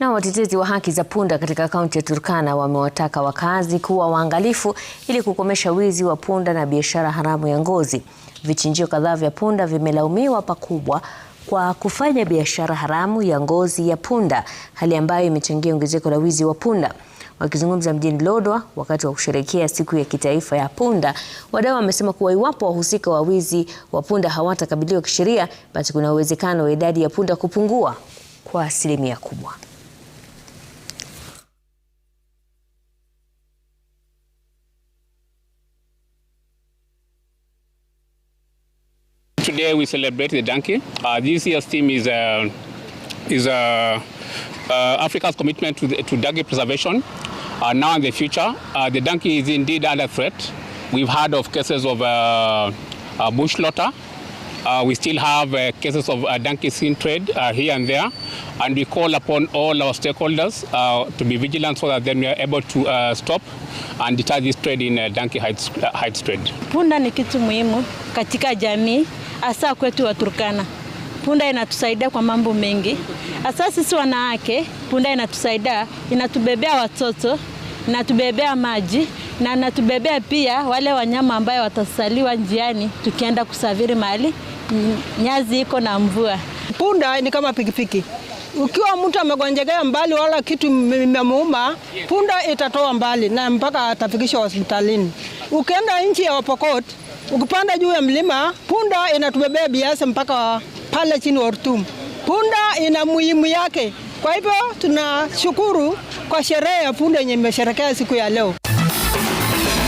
Na watetezi wa haki za punda katika kaunti ya Turkana wamewataka wakazi kuwa waangalifu ili kukomesha wizi wa punda na biashara haramu ya ngozi. Vichinjio kadhaa vya punda vimelaumiwa pakubwa kwa kufanya biashara haramu ya ngozi ya punda, hali ambayo imechangia ongezeko la wizi wa punda. Wakizungumza mjini Lodwa wakati wa kusherehekea siku ya kitaifa ya punda, wadau wamesema kuwa iwapo wahusika wa wizi wa punda hawatakabiliwa kisheria, basi kuna uwezekano wa idadi ya punda kupungua kwa asilimia kubwa. Today we celebrate the donkey. Uh, this year's theme is uh, is uh, uh, Africa's commitment to, the, to donkey preservation uh, now and the future. Uh, the donkey is indeed under threat. We've heard of cases of uh, uh, bush slaughter. Uh, we still have uh, cases of uh, donkey skin trade uh, here and there, and we call upon all our stakeholders uh, to be vigilant so that then we are able to uh, stop and deter this trade in uh, donkey hides, uh, hides trade. Punda ni kitu muhimu katika jamii hasa kwetu Waturkana. Punda inatusaidia kwa mambo mengi, hasa sisi wanawake. Punda inatusaidia, inatubebea watoto, inatubebea maji na inatubebea pia wale wanyama ambayo watasaliwa njiani tukienda kusafiri mahali nyazi iko na mvua. Punda ni kama pikipiki ukiwa mtu amegonjekea mbali wala kitu imemuuma, punda itatoa mbali na mpaka atafikishwa hospitalini. Ukienda nchi ya Wapokot Ukipanda juu ya mlima, punda inatubebea biasa mpaka pale chini Ortum. Punda ina muhimu yake. Kwa hivyo tunashukuru kwa sherehe ya punda yenye imesherekea siku ya leo.